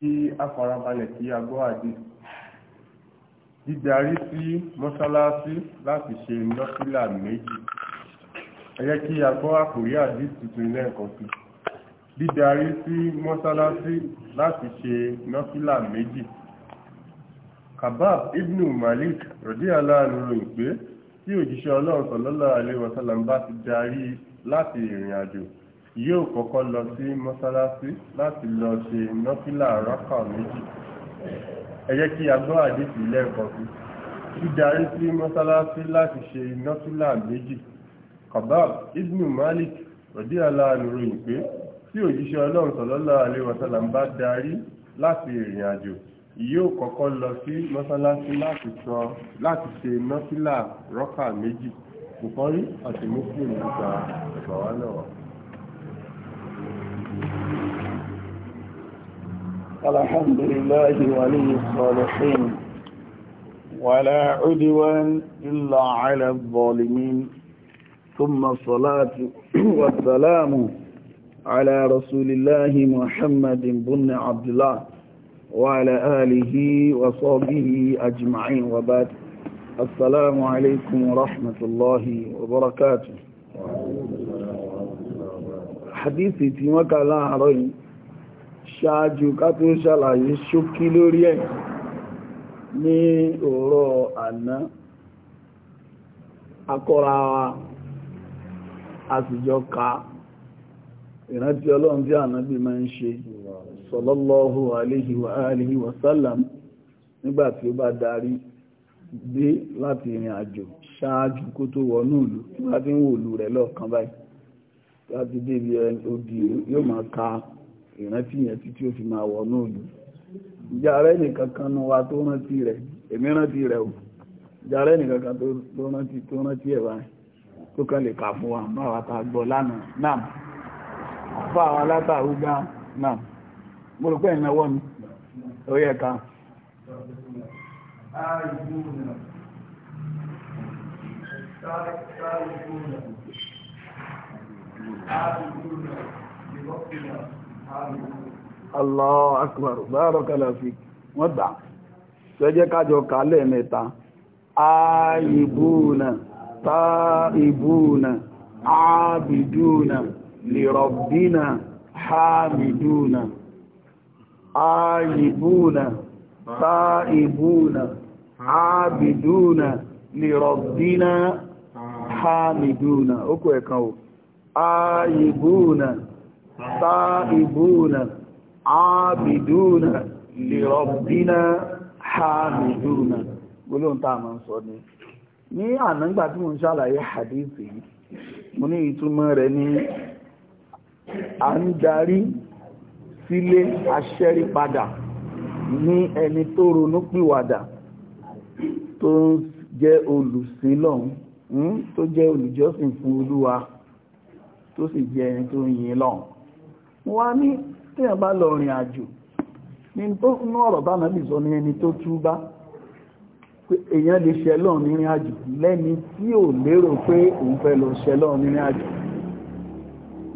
kí a farabalẹ̀ kí a gbọ́ àdé dídarí sí mọ́sálásí láti ṣe nọ́fílà méjì ẹ jẹ́ kí a gbọ́ àkòrí àdé tuntun lẹ́ẹ̀kan sí dídarí sí mọ́sálásí láti ṣe nọ́fílà méjì kabab ibn malik rọ̀dí aláàánú ròyìn pé tí òjíṣẹ́ ọlọ́run sọ̀lọ́lá alẹ́ wasallam bá ti darí láti ìrìn àjò yóò kọ́kọ́ lọ sí mọ́sálásí láti lọ ṣe nọ́fílà rákà méjì ẹ jẹ́ kí a gbọ́ àdéhùn lẹ́ẹ̀kan sí dídarí sí mọ́sálásí láti ṣe nọ́fílà méjì kabab ibn malik rọ̀dí aláàrùn pé tí òjíṣẹ́ ọlọ́run sọ̀lọ́lá àlewọ̀sálà ń bá darí láti ìrìn àjò yóò kọ́kọ́ lọ sí mọ́sálásí láti sọ láti ṣe nọ́fílà rákà méjì bùkọ́rí àti muslim nígbà ẹ̀bà wa náà الحمد لله ولي الصالحين ولا عدوان إلا على الظالمين ثم الصلاة والسلام على رسول الله محمد بن عبد الله وعلى آله وصحبه أجمعين وبعد السلام عليكم ورحمة الله وبركاته حديثي في مكة لا عرين ṣáájú ká tó ṣàlàyé ṣókí lórí ẹ̀ ní ọ̀rọ̀ àná akọ́ra wa a sì ka ìrántí ọlọ́run tí ànábì máa ń ṣe sallallahu aléhi nígbàtí ó bá darí dé láti ìrìn àjò ṣáájú kó tó wọnú ìlú tí wá ti ń wò láti ìrántí yẹn títí ó fi máa wọ náà lù ìjà rẹ nìkan kan nu wa tó rántí rẹ èmi rántí rẹ o ìjà rẹ nìkan kan tó rántí tó rántí ẹ̀ báyìí tó kàn lè kà fún wa báwa ta gbọ́ lánàá náà fún àwọn alátàrúgbá náà mo rò pé ìnáwó mi ó yẹ ká. Thank you. Allahu akbar barakallahu fik wọ́n gbà ṣẹ́jẹ́ kájọ kálẹ̀ mẹ́ta ààyìbùnà táìbùnà ààbìdùnà lèrọ̀bìnà hàmìdùnà ààyìbùnà táìbùnà ààbìdùnà lèrọ̀bìnà hàmìdùnà ó kò ẹ̀kan ò ààyìbùnà táìbùnà ábìdùnà lèrọ̀bìnà hàmìdùnà gbólóhùn tá a máa ń sọ ni ní ànágbà tí mo ń ṣàlàyé hadith yìí mo ní ìtumọ̀ rẹ̀ ní à ń darí sílé aṣẹ́rí padà ní ẹni tó ronú pìwàdà tó jẹ́ olùsílọ̀hún hmm, tó jẹ́ olùjọ́sìn fún olúwa tó sì jẹ́ ẹni tó yin lọ́hùn wọ́n ní tíyàn bá lọ rìn àjò ní tó ọ̀rọ̀ bá náà bìsọ ní ẹni tó túbá èyàn lè lọ nírin àjò lẹ́ni tí ò lérò pé òun fẹ́ lọ lọ nírin àjò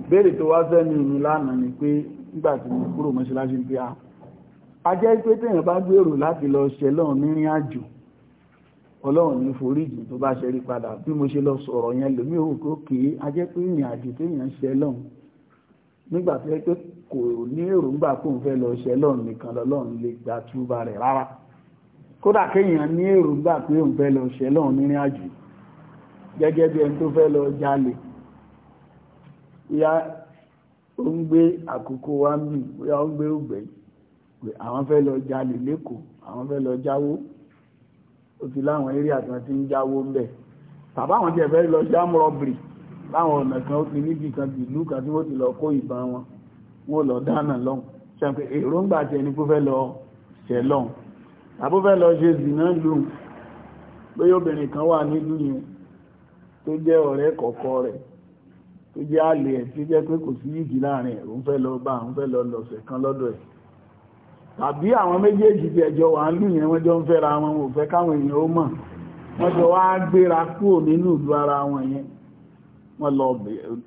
béèrè tó wá fẹ́ni ìní lánàá ni pé nígbà mo kúrò ọlọ́run ní foríjì tó bá ṣe padà bí mo ṣe lọ sọ̀rọ̀ yẹn òkú kìí nígbà tó yẹ pé kò ní èròǹgbà kó ń fẹ́ lọ ṣe lọ́run nìkan lọ́run lè gba túbà rẹ̀ rárá kódà kéèyàn ní èròǹgbà pé òun fẹ́ lọ ṣe lọ́run nírìn àjò gẹ́gẹ́ bí ẹni tó fẹ́ lọ jalè ya ó ń gbé àkókò wa mì ya ó ń gbé ògbẹ́ pé àwọn fẹ́ lọ jalè lẹ́kọ̀ọ́ àwọn fẹ́ lọ jáwó ó ti láwọn eré àti wọn ti ń jáwó ń bẹ̀ tàbá àwọn tiẹ̀ fẹ́ lọ jámọ́rọ̀bìrì láwọn ọ̀nà kan ó ti níbi kan ìlú kan tí wọ́n ti lọ kó ìbọn wọn wọ́n lọ dáná lọ́hùn ṣàpẹ èròǹgbà tí ẹni kó fẹ́ lọ ṣẹ̀ lọ́hùn àbó fẹ́ lọ ṣe zìnà lù bóyá obìnrin kan wà nílùú yẹn tó jẹ́ ọ̀rẹ́ kọ̀ọ̀kọ̀ rẹ̀ tó jẹ́ àlè ẹ̀ tí jẹ́ pé kò sí yìí láàrin ẹ̀ òun fẹ́ lọ bá òun fẹ́ lọ lọ̀sẹ̀ kan lọ́dọ̀ ẹ̀ tàbí àwọn méjèèjì tí ẹjọ́ wà ń lù wọ́n jọ ń fẹ́ra wọn ò fẹ́ káwọn èèyàn ó mọ̀ wọ́n jọ wá gbéra kúrò nínú ìlú ara wọn yẹn wọ́n lọ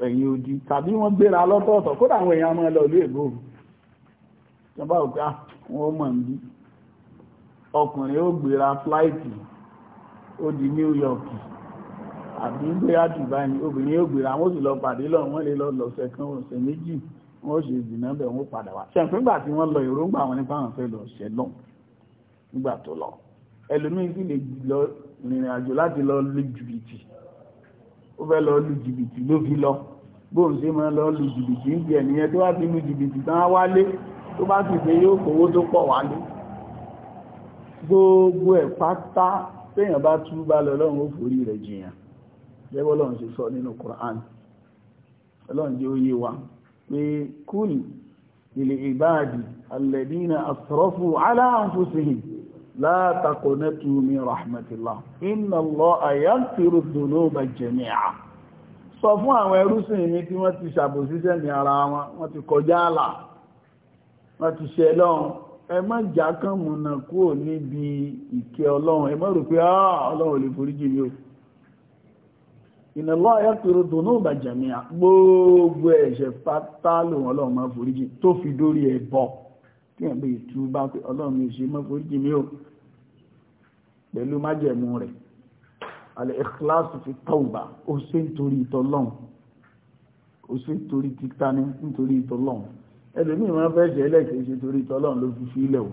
ẹ̀yìn odi tàbí wọ́n gbéra lọ́tọ̀ọ̀tọ̀ kódà àwọn èèyàn máa lọ ìlú èbó ìjọba òkè wọn mọ̀ ń bí ọkùnrin ó gbéra fúláìtì ó di New York àbí bóyá Dubai ni obìnrin ó gbéra wọn ó sì lọ pàdé lọ wọn lè lọ lọ́sẹ̀ kan ọ̀sẹ̀ méjì wọn ó ṣe ìdìnnà bẹ̀ wọn ó padà wá ṣẹ̀fúngbà tí wọ́n lọ èròǹgbà wọn nípa àwọn fẹ́ lọ ṣẹ náà nígbà tó lọ ẹlòmíín sì lè lọ ìrìn àjò láti lọ lójúbìtì ó fẹ́ lọ lu jìbìtì ló fi lọ bóun ṣe máa lọ lu jìbìtì ń jẹ nìyẹn tó bá ti lu jìbìtì tán á wálé tó bá sì ṣe yóò kówó tó pọ̀ wálé gbogbo ẹ̀ pátá téèyàn bá tú bá lọ lọ́run ó forí rẹ̀ jìyàn jẹ́wọ́ lọ́run ṣe sọ nínú Qur'an ọlọ́run jẹ́ oyé wa pé kúlì ilẹ̀ ìbáàdì alẹ́dínà àtọ̀rọ́fù aláàfúsìhìn la taqnatu min rahmatillah inna allaha yaghfiru dhunuba jami'a sọ fún àwọn ẹrúsìn mi tí wọ́n ti ṣàbòsíṣẹ́ ní wọn wọ́n ti kọjá àlà wọ́n ti ṣe lọ́hun ẹ má jà kán níbi ìkẹ́ ọlọ́run ẹ má tí ẹ̀ bẹ́ẹ̀ tú bá pé ọlọ́run mi ṣe mọ́foríjì mi ò pẹ̀lú májẹ̀mú rẹ̀ alẹ́ ìkíláàsì fi tọ́ọ̀bà ó ṣe nítorí ìtọ́lọ́run ó ṣe nítorí títa ní nítorí ìtọ́lọ́run ẹlòmíì wọn fẹ́ ṣe torí ìtọ́lọ́run ló fi fílẹ̀ o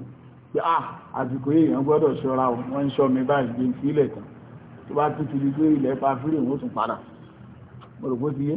pé ah àsìkò èèyàn gbọ́dọ̀ ṣọ́ra o wọ́n ń ṣọ́ mi báyìí gbé fílẹ̀ tán tó bá tún ti di pé ilẹ̀ pa fílẹ̀ wọn ó tún padà mo rò bó ti yé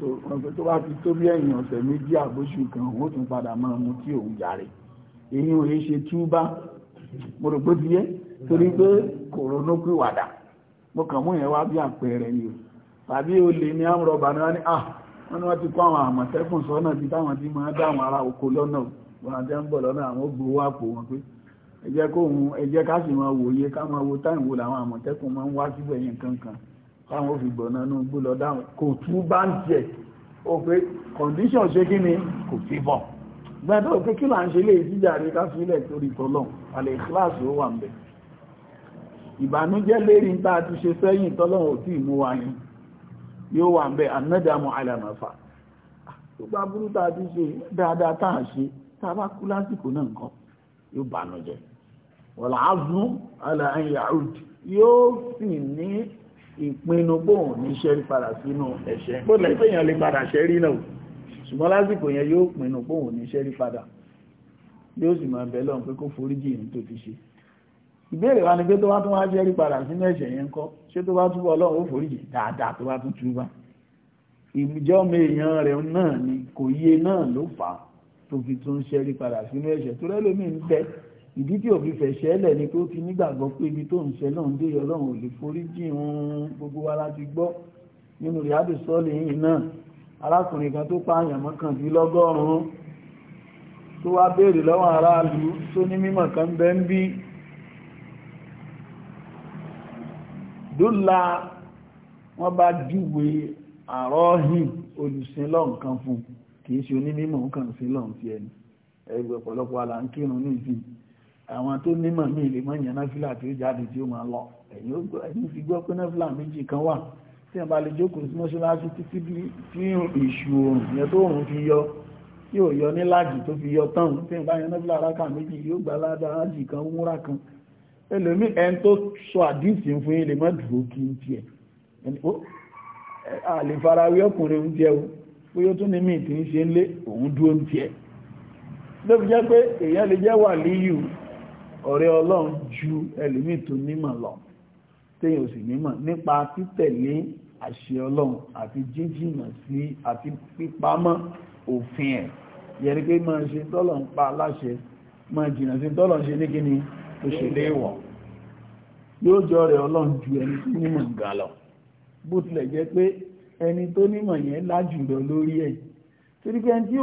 so kọ̀ǹpẹ́ tó bá fi tó bí ẹ̀yìn ọ̀sẹ̀ méjì àgbóṣù kan òun tún padà máa mú tí òun jàre èyí ò yé ṣe túbá mo rò pé ti yẹ torí pé kò ronú pìwàdà mo kàn mú yẹn wá bí àpẹẹrẹ ni o tàbí olè ní àmúrọ̀bà ni wọ́n ní ah wọ́n ní wọ́n ti kọ́ àwọn àmọ̀tẹ́kùn sọ́nà ti táwọn ti máa dá àwọn ará oko lọ́nà wọn àti ń bọ̀ lọ́nà àwọn gbowó àpò wọn pé ẹ jẹ́ kóhun ẹ jẹ́ ká sì máa wòye ká máa wo táìwò làwọn àmọ̀tẹ́kùn máa ń wá síbẹ̀ yẹn kankan káwọn ó fi gbọ̀nà inú gbó lọ dáhùn kò tú bá ń jẹ ó pé condition ṣe kí ni kò sí bọ̀ gbẹ́dọ̀ pé kí là ń ṣe lè jíjà rí káfílẹ̀ torí tọ́lọ́n alẹ́ ìkíláàsì ó wà ń bẹ̀ ìbànújẹ́ lérí ń tàà ti ṣe sẹ́yìn tọ́lọ́n ò tí mú wa yín yóò wà ń bẹ̀ anádàmú alàmàfà tó bá burú tàà ti ṣe dáadáa tàà ṣe tàà bá kú lásìkò náà nǹkan yóò bànújẹ́ wọ̀lá azún ìpinnu bóun ní ṣẹ́rí padà sínú ẹ̀ṣẹ̀ bó lẹ́gbẹ̀ẹ́ èèyàn lè padà ṣẹ́rí náà ṣùgbọ́n lásìkò yẹn yóò pinnu bóun ní ṣẹ́rí padà yóò sì máa bẹ̀ lọ́n pé kó foríjì ní tó ti ṣe ìbéèrè wa ni pé tó bá tún wá ṣẹ́rí padà sínú ẹ̀ṣẹ̀ yẹn kọ́ ṣé tó bá túbọ̀ ọlọ́run ó foríjì dáadáa tó bá tún túbà ìjọ́mọ èèyàn rẹ̀ náà ni kò yé náà ló fà á tó fi tún ṣẹ́rí padà sínú ẹ̀ṣẹ̀ tó rẹ́lómi ń bẹ́ẹ̀ ìdí tí òbí fẹ̀ ṣẹlẹ̀ ni pé ó ti nígbàgbọ́ pé ibi tó ń ṣe náà ń dé ọlọ́run ò lè forí jìn ún gbogbo wa láti gbọ́ nínú rìádù sọ́ọ̀lì yìí náà arákùnrin kan tó pààyàn mọ́kàndínlọ́gọ́rùn-ún tó wá béèrè lọ́wọ́ aráàlú tó ní mímọ̀ kan bẹ́ ń bí dúlà wọ́n bá júwe àrọ́hìn olùsìnlọ́n kan fún kìí ṣe onímọ̀ kan sílọ̀ ti ẹni ẹgbẹ̀ ọ̀pọ̀lọpọ̀ alà ń kírun ní ìsìn àwọn tó nímọ̀ mí lè mọ́ yẹn náfílà tí ó jáde tí ó máa lọ ẹ̀yìn fi gbọ́ pé náfílà méjì kan wà tí wọ́n bá lè jókòó sí mọ́ṣáláṣí títí bí tí ìṣù oòrùn yẹn tó oòrùn fi yọ tí ò yọ ní láàjì tó fi yọ tán tí wọ́n bá yẹn náfílà rákà méjì yóò gbà ládàá ájì kan múra kan ẹlòmí ẹn tó sọ àdínsì fún yín lè má dúró kí n tiẹ̀ àlè farawé ọkùnrin ń jẹ́ o bóyá tó ní míì ń ṣe ń lé òun dúró ń tiẹ̀ ló jẹ́ pé èèyàn lè jẹ́ wà líyù ọ̀rẹ́ ọlọ́run ju ẹlòmíì tó nímọ̀ lọ téèyàn ò sì nímọ̀ nípa títẹ̀lé àṣẹ ọlọ́run àti jíjìnà sí àti pípamọ́ òfin ẹ̀ yẹni pé máa ṣe tọ́lọ̀ ń pa aláṣẹ máa jìnà sí tọ́lọ̀ ṣe ní kíni tó ṣe léèwọ̀ yóò jọ rẹ̀ ọlọ́run ju ẹni tó nímọ̀ ga lọ bó tilẹ̀ jẹ́ pé ẹni tó nímọ̀ yẹn lájùlọ lórí ẹ̀ torí pé tí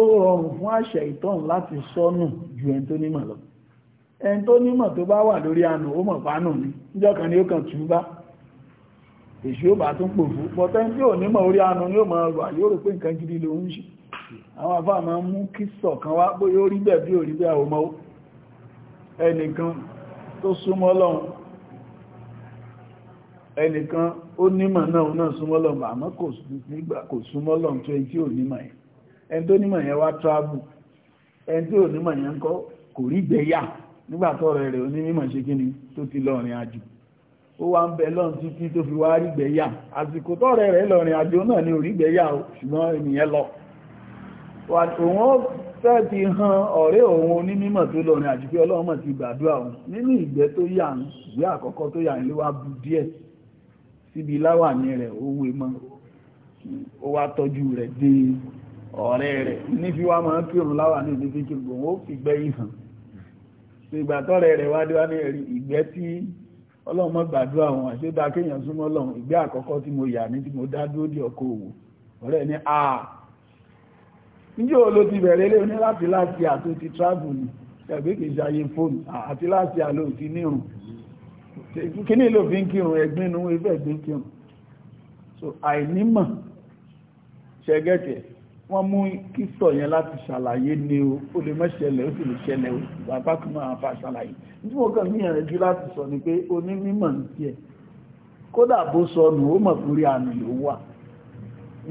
ó rọrùn fún àṣẹ ìtọ́n láti sọnù ju ẹni tó nímọ̀ lọ ẹni tó nímọ̀ tó bá wà lórí àánú ó mọ̀ ní níjọ́ kan ni ó kàn tún bá èṣù ó bá tún pòfú pọ̀tẹ́ tí ò nímọ̀ orí àánú ni ó mọ̀ wà yóò rò gidi ló ń ṣe àwọn afọ ma mú kí sọ̀kan wá pé ó rí bẹ́ẹ̀ bí rí bẹ́ẹ̀ ẹnìkan tó súnmọ́ lọ́hun ẹnìkan ó nímọ̀ náà náà súnmọ́ lọ́hun ẹni tí onímọ̀ yẹn ń kọ́ kò rí gbẹ̀yà nígbà rẹ̀ onímọ̀ ṣe kí ni tó ti lọ rìn àjò ó wá ń bẹ lọ́n tó fi wá rí àsìkò rẹ̀ lọ rìn àjò náà ni ti han ọ̀rẹ́ òun onímọ̀ tó lọ rìn àjò pé ọlọ́mọ̀ ti gbàdúrà òun nínú ìgbẹ́ tó yà ń tó yà ń bu díẹ̀ síbi láwà ní rẹ̀ ó wé mọ́ ó wá tọ́jú rẹ̀ ọ̀rẹ́ rẹ̀ ní fi wá máa kírun láwà ní ìdíkí kí gbogbo ó fi gbẹ́yìn hàn ìgbàtọ́rẹ̀ rẹ̀ wá déwá ní ẹ̀rí ìgbẹ́ tí ọlọ́run mọ́ gbàdúrà wọn àṣẹ́dá kéèyàn súnmọ́ ọlọ́run ìgbẹ́ àkọ́kọ́ tí mo yà ní tí mo dá dúró di ọkọ̀ òwò ọ̀rẹ́ ní a níjẹ́ olo ti bẹ̀rẹ̀ lé ní láti láti àtó ti travel ni ẹ̀gbẹ́ kìí ṣayé fóònù àti láti àlò ti nírun kí ní ló fi ń kírun ẹ̀gbínú ìfẹ́ gbé kírun so àìnímọ̀ ṣẹgẹ́tẹ̀ẹ́ wọ́n mú kíso yẹn láti ṣàlàyé ni o ó lè mẹ́ṣẹlẹ̀ ó sì lè ṣẹlẹ̀ o bàbá kan máa fa ṣàlàyé tí mo kàn ní ẹ̀rẹ́jú láti sọ ni pé onímọ̀ ní tiẹ̀ kódà bó sọnù ó mọ̀ fúrí àmì ló wà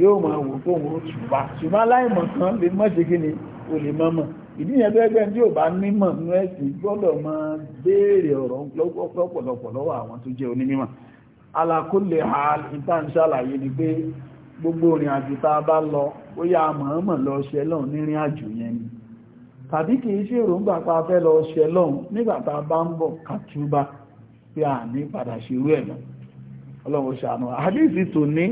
yóò máa wò fóun ó tùbá ṣùgbọ́n aláìmọ̀ kan lè mọ̀ kí ni o lè mọ̀ mọ̀ ìdí yẹn gbẹ́gbẹ́ tí ò bá nímọ̀ nú ẹ̀sìn gbọ́dọ̀ máa gbogbo orin àjò tá a bá lọ ó yá mọ̀ọ́mọ̀ lọ ṣẹlọ́n nírìn àjò yẹn ni tàbí kì í ṣe èròǹgbà pa fẹ́ lọ ṣẹlọ́n nígbà tá a bá ń bọ̀ kàtúbà ní padà ṣerú ọlọ́run ṣàánú àdíìsì tò ní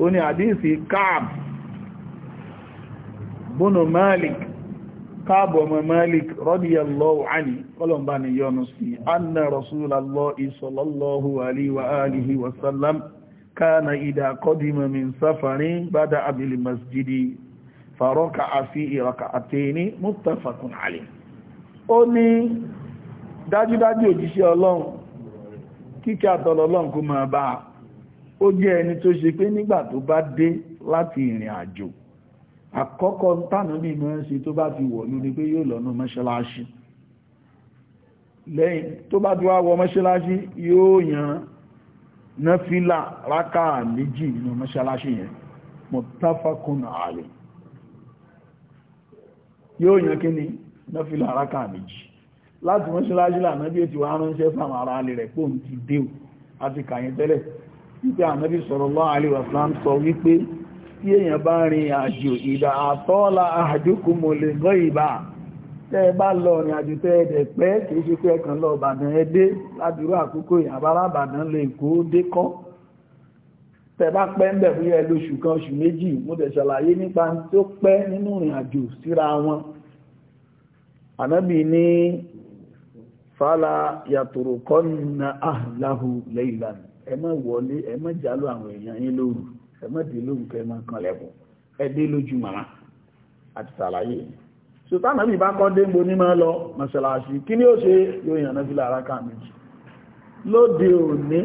ó ní àdíìsì káàb bónú malik kana idha qadima min safarin bada'a bil masjidi faraka'a fihi rak'atayn muttafaqun alayh ó ní dájúdájú òjíṣẹ́ ọlọ́run kíkẹ́ àtọ̀lọ́ ọlọ́run kó máa bá a ó jẹ́ ẹni tó ṣe pé nígbà tó bá dé láti ìrìn àjò àkọ́kọ́ tánà bí mọ́ ṣe tó bá fi wọ̀lú ni pé yóò lọ́nà mọ́ṣáláṣí lẹ́yìn tó bá ti wá wọ mọ́ṣáláṣí yóò yan náfílà rákà méjì nínú mọ́ṣálásí yẹn mọ̀tàfàkùnà ààrẹ yóò yàn kí ni náfílà rákà méjì láti mọ́ṣálásí lànà bí ètò aránṣẹ́ fáwọn ará alẹ́ rẹ̀ pò ń ti dé o àti kàyẹn tẹ́lẹ̀ wípé ànábì sallallahu alaihi wasallam sọ wípé tí èèyàn bá rin àjò ìdà àtọ́ọ́lá àjòkùnmọ̀lẹ́gọ́ ìbá tẹ́ bá lọ ní àjò tẹ́ ẹ̀dẹ̀ pẹ́ kìí ṣe pé ẹkàn lọ Ìbàdàn ẹdé ládùúrú àkókò ìyàbára Ìbàdàn lè kó dékọ́ tẹ́ bá pẹ́ ń bẹ̀ fún yẹ lóṣù kan oṣù méjì mo dẹ̀ ṣàlàyé nípa tó pẹ́ nínú ìrìn àjò síra wọn ànábì ní fàlà yàtòrò kọ́ na àhìláhù lẹ́yìnlán ẹ má wọlé ẹ má jálò àwọn èèyàn yín lóru ẹ má dé lóru kẹ́ ẹ má kanlẹ̀kùn ẹ dé lójú màmá àti ṣàlàyé yìí so tánàbí bá kọ́ dé gbóní máa lọ mọ́ṣálásí kí ní ó ṣe yóò yànà fi lára ká méjì lóde òní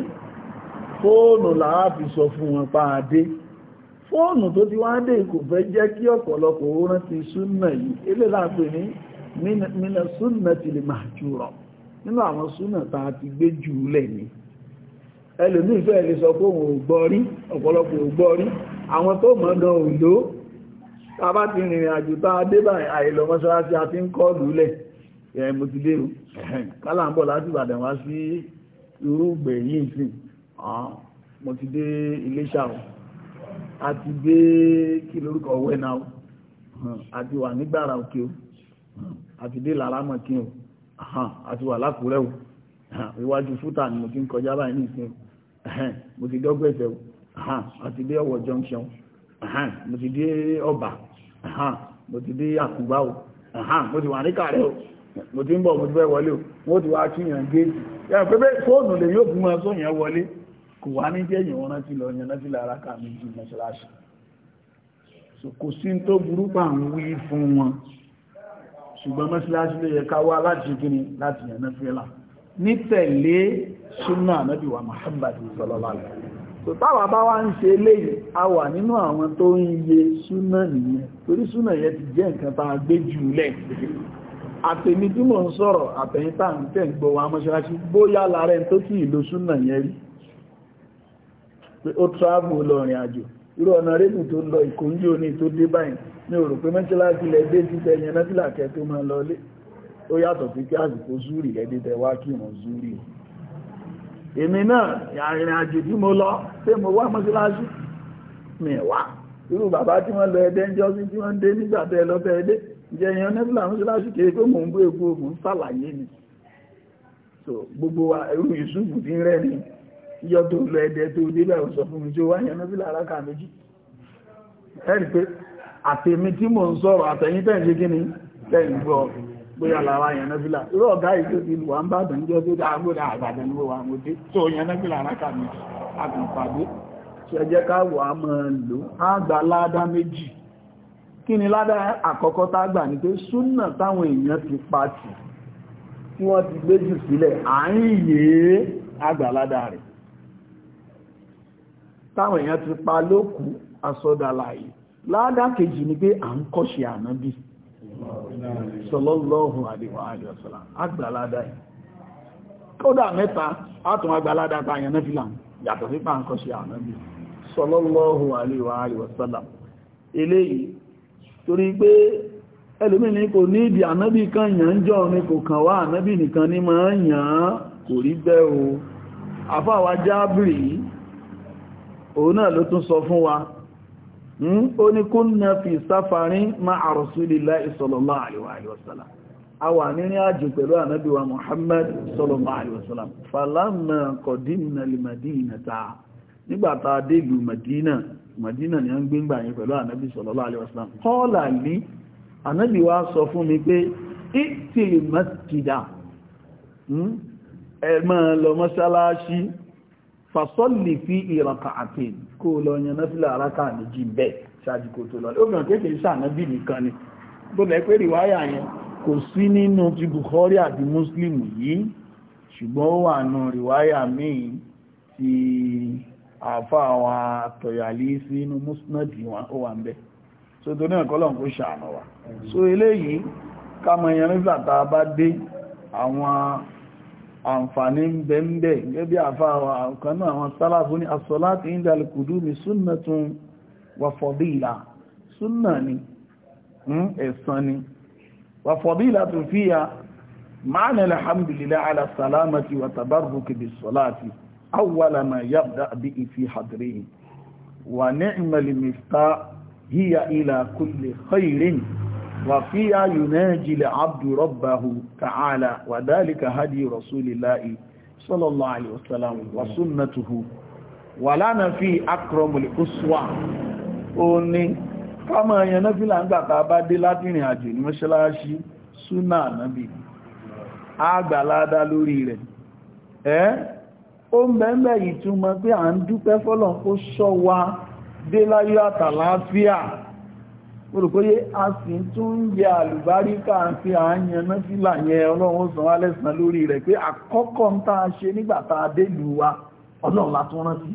fóònù láàáfi sọ fún wọn pàádé fóònù tó ti wá kò fẹ́ jẹ́ kí ọ̀pọ̀lọpọ̀ ó rántí yìí mina súnà ti lè máa jù rọ nínú àwọn súnà tá a ti tàbá ti rìnrìn àjò tá a dé àìlọ mọ́ṣáláṣí a ti ń kọ́ lúlẹ̀ ẹ̀ mo ti dé o kálà ń bọ̀ láti Ìbàdàn wá sí irúgbẹ̀ yìí sí mo ti dé Iléṣà o a ti dé kí lórúkọ wẹ́nà o a ti wà nígbàrà òkè o a ti dé làrámọ̀kí o a ti wà lákùúrẹ́ o iwájú fúta ni mo ti ń kọjá báyìí nìsín o mo ti dọ́gbẹ̀sẹ̀ o a dé Ọ̀wọ̀ junction o mo ti dé ọba mo ti dé àkùgbá o mo ti wà ní kàrẹ́ o mo ti ń bọ̀ mo ti fẹ́ wọlé o mo ti wá kíyàn géètì yàrá pé bẹ́ẹ̀ fóònù lè yóò fún wọn sóyàn wọlé kò wá ní jẹ́yìn wọn rántí lọ yan rántí lára kà mí ju mọ́ṣáláṣí kò sí tó burú pa ń wí fún wọn ṣùgbọ́n mọ́ṣáláṣí ló yẹ ká wá láti kíni láti yan náà fẹ́lá ní tẹ̀lé súnà ànábì wa Muhammad sallallahu so táwa bá wá ń ṣe eléyìí a wà nínú àwọn tó ń yẹ súnà nìyẹn torí súnà yẹn ti jẹ́ nǹkan tá a gbé jù lẹ̀ àtèmi tí mò ń sọ̀rọ̀ àtẹ̀yìn ń tẹ̀ ń gbọ́ wa mọ́ṣáláṣí bóyá travel lọ rìn àjò irú ọ̀nà rébù tó lọ ìkóńjó ní tó dé báyìí ní òrò pé mọ́ṣáláṣí lẹ dé títẹ yẹn náà sílà èmi náà ìrìn àjò tí mo lọ pé mo wá mọ́síláṣí mi wá irú bàbá tí wọ́n lọ ẹdẹ́ jọ sí tí wọ́n dé nígbàtẹ́ lọ́tẹ́ ẹdẹ́ jẹ èèyàn mọ́síláṣí kéré pé mò ń bú egbò mò sàlàyé ni so gbogbo wa irú ìṣùgbù tí ń rẹ́ ni yọ tó lọ ẹdẹ tó débẹ̀ ò sọ fún mi tí ó wáyé pé àlàwà yẹn náfílà irú ọ̀gá ìjọ ti wà ń bá dànjọ́ tó dáa gbọ́dá àgbàdàn ní wà mo dé tó yẹn náfílà mi àtàpàdé ṣẹjẹ́ káwọ̀ a mọ́ lò á gba ládá méjì kí ni ládá àkọ́kọ́ tá gbà ní pé súnà táwọn èèyàn ti pàtì tí wọ́n ti gbé jù sílẹ̀ à ń yèé àgbà ládá rẹ̀ táwọn èèyàn ti pa lókù asọ́dàlàyé ládá kejì ni pé à ń kọ́ṣe ànábì sọlọ́lọ́hùn àdìwọ̀ àdìwọ̀sọ́lá àgbàládá ẹ̀ kódà mẹ́ta átùn àgbàládá pààyàn náà fìlà yàtọ̀ sí pàǹkọ́ṣe ànábì sọlọ́lọ́hùn àdìwọ̀ àdìwọ̀sọ́lá eléyìí torí pé ní yàn ń jọ kàn wá nìkan ń kò rí bẹ́ Hmm? ó ní kunna fi safarin ma'a rasulillahi sallallahu alaihi wasallam a wà nínú àjò pẹ̀lú ànábì wa Muhammad sallallahu alaihi wasallam falamma qadimna al-madinata nígbàtà délù Madina Madina ni a ń gbé ńgbà yẹn pẹ̀lú ànábì sallallahu alaihi wasallam qala li ànábì wa sọ fún ìtìlì masjida hmm? ẹ máa lọ mọ́ṣáláṣí fàsọ́lì fi ìrànkà àti kó lọ yan náfílà aráka méjì bẹ́ẹ̀ ṣáájú kó tó lọ obìnrin kéèkéé ṣànábì nìkan ni bó lẹ́ pé rìwáyà yẹn kò sí nínú ti Bukhari àti Muslim yìí ṣùgbọ́n ó wà nù rìwáyà míì ti àfa àwọn àtọ̀yàlí sí inú musnadi wọn ó wà ń bẹ so tó náà kọ́lọ̀ kó so eléyìí ká mọ yan nígbà àǹfààní ń bẹ ń bẹ gẹ́bí àfáàwà àkànnà àwọn sálàfù ní asọ́láti indal kudumi sunnatun wa fadila súnà ni hmm, ẹ̀sán ni wa fadila tún fíya ma'ana alhamdulillah ala salamati wa tabarruki bis salati awwala ma fi hadrihi wa ni'mal mifta hiya ila وفيها يناجي العبد ربه تعالى وذلك هدي رسول الله صلى الله عليه وسلم وسنته ولنا في أكرم الأسوة أني كما ينفل عن قطابة دلاتين عجل مشلاشي سنة نبي àgbàládá lórí rẹ̀ ẹ́ ó ń bẹ̀ẹ̀bẹ̀ ìtumọ̀ pé à ń dúpẹ́ fọ́lọ̀ kó ṣọ́ wa dé láyé àtàlàáfíà olùkóyé a sì tún ń yẹ àlùbáríkà àti àáyàn mẹ́fìlà yẹn ọlọ́run ó san alẹ́sàn lórí rẹ̀ pé àkọ́kọ́ ń tàà ṣe nígbà tá a dé ìlú wa ọlọ́run la tún rántí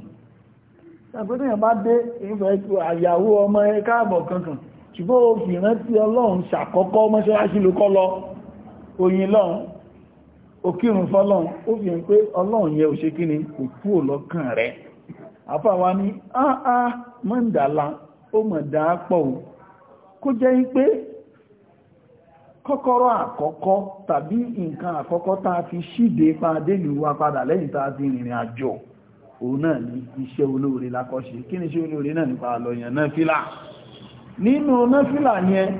ṣàgbéyàn bá dé ìfẹ́ àyàwó ọmọ ẹ káàbọ̀ kankan ṣùgbọ́n ó fi rántí ọlọ́run ṣàkọ́kọ́ mọ́ṣáláṣí ló kọ́ mọ̀ dáa pọ̀ kó jẹ́ pé kọ́kọ́rọ́ àkọ́kọ́ tàbí nǹkan àkọ́kọ́ tá a fi ṣíde pàdé ìlú wa padà lẹ́yìn tá ti rìnrìn òun náà ní iṣẹ́ olóore lakọ́ṣe kí ni iṣẹ́ olóore náà nípa àlọ́yàn náà nínú náà yẹn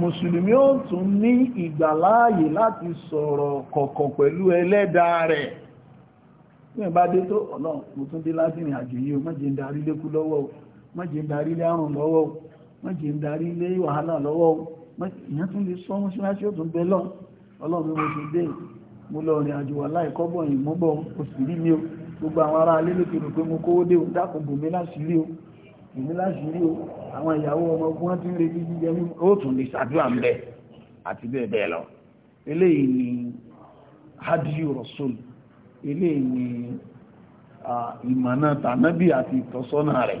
mùsùlùmí ó tún ní ìgbàláàyè láti sọ̀rọ̀ pẹ̀lú ẹlẹ́dàá rẹ̀ ń darí lọ́wọ́ o ń darí lọ́wọ́ wọ́n jẹ́ ń darí lé wàhálà lọ́wọ́ ìyẹn tún lè sọ mọ́ síláṣí ó tún bẹ́ lọ ọlọ́run mo ṣe dé mo lọ rìn àjò wà láìkọ́bọ̀ yìí mọ́ bọ̀ o sì rí mi o gbogbo àwọn ará alé lókè rò pé mo kówó dé o dákun láṣìírí o ni hadiyu rasul eléyìí ni ìmọ̀nà tànábì àti ìtọ́sọ́nà rẹ̀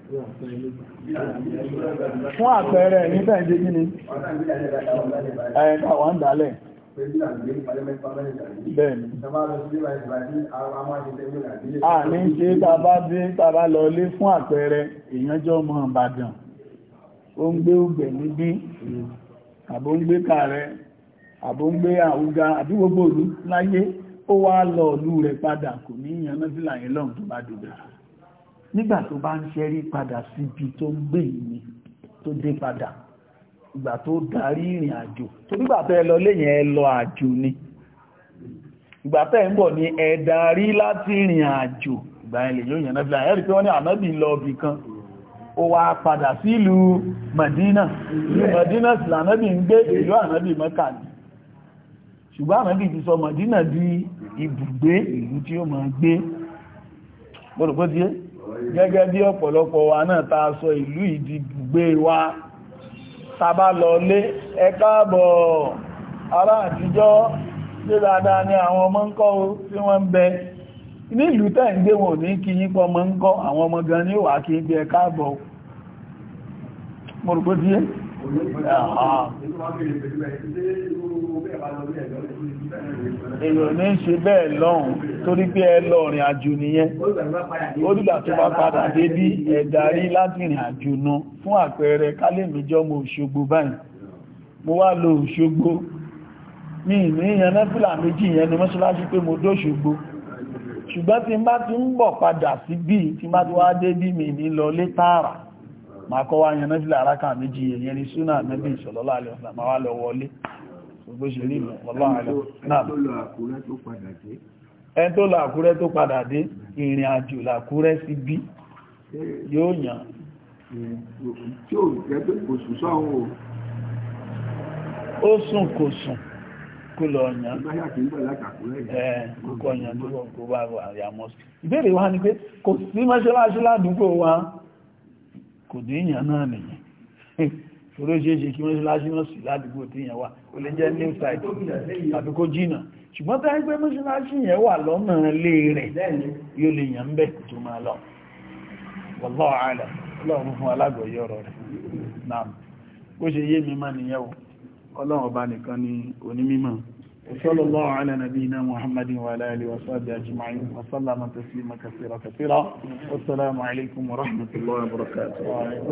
fún àpẹẹrẹ ẹ̀yìn tẹ́ ìdí gíní ẹ̀ẹ̀ta wà ń dálẹ̀ bẹ́ẹ̀ni a ní ṣe tàbá bí tàbá lọ lé fún àpẹẹrẹ ìyànjọ́ ọmọ Ìbàdàn ó ń gbé ògbẹ̀ níbí àbó ń gbé kààrẹ àbó ń gbé àwúga àbí gbogbo ìlú láyé ó wá lọ ìlú rẹ̀ padà kò ní ìyànnáfílà yẹn lọ́n tó bá dùn nígbà tó bá ń ṣẹ́rí padà síbi tó gbé ìní tó dé padà ìgbà tó darí ìrìn àjò tó nígbà tẹ́ ẹ lọ léyìn ẹ lọ àjò ni ìgbà tẹ́ ń bọ̀ ni ẹ darí láti ìrìn àjò ìgbà ilẹ̀ yóò yẹn náà ẹ̀rí pé wọ́n ní ànábì lọ bì kan ó wá padà sí ìlú Madina ìlú Madina sì lànábì ń gbé ìlú ànábì Mẹ́kà ni ṣùgbọ́n ànábì ti sọ Madina di ibùgbé ìlú tí ó máa gbé gbọ́dọ̀gbọ́dọ̀ gẹ́gẹ́ bí ọ̀pọ̀lọpọ̀ wa náà ta sọ ìlú ìdìbùgbé wa tàbá lọ lé ẹ káàbọ̀ àtijọ́ tí dada ní àwọn ọmọ ń tí wọ́n ń bẹ ní ìlú tẹ́ ń gbé wọn ní kí yín pọ́ mọ́ àwọn ọmọ gan ní wà kí bí èrò ní ṣe bẹ́ẹ̀ lọ́hùn torí pé ẹ lọ àjò nìyẹn ó tó bá padà dé bí láti rìn àjò náà fún àpẹẹrẹ kálẹ̀míjọ́ mo ṣogbo báyìí mo wá lo ṣogbo ní ìní méjì yẹn ni mọ́ṣáláṣí pé mo ṣùgbọ́n bá ti sí bí bá ti wá dé bí mi tààrà kọ́ wá yẹn nẹ́fìlà méjì yẹn ni súnà nẹ́bí ìṣọ̀lọ́lá àlẹ́ bó ṣe rí ẹn tó lọ àkúrẹ́ tó padà dé ìrìn àjò làkúrẹ́ sí bí yóò yàn tí ó jẹ́ pé kò sùn sọ́wọ́ ó sùn kò sùn kó lọ yàn kò yàn tó kò bá àyà mọ́sí ìbéèrè wá ní pé kò sí mọ́ṣáláṣí ládùúgbò wa kò dé yàn náà nìyàn torí ó ṣe é ṣe kí mọ́ṣáláṣí náà sì ládùúgbò tí yẹn wà ó lè jẹ́ new site tàbí kó jìnà ṣùgbọ́n tá ń pé mọ́ṣáláṣí yẹn wà lọ́nà ilé rẹ̀ yóò lè yàn bẹ́ẹ̀ tó máa lọ wallahu a'lam ọlọ́run rẹ̀ ni onímímọ̀ وصلى الله على نبينا محمد وعلى آله وصحبه أجمعين وسلم تسليما كثيرا كثيرا والسلام عليكم ورحمة الله وبركاته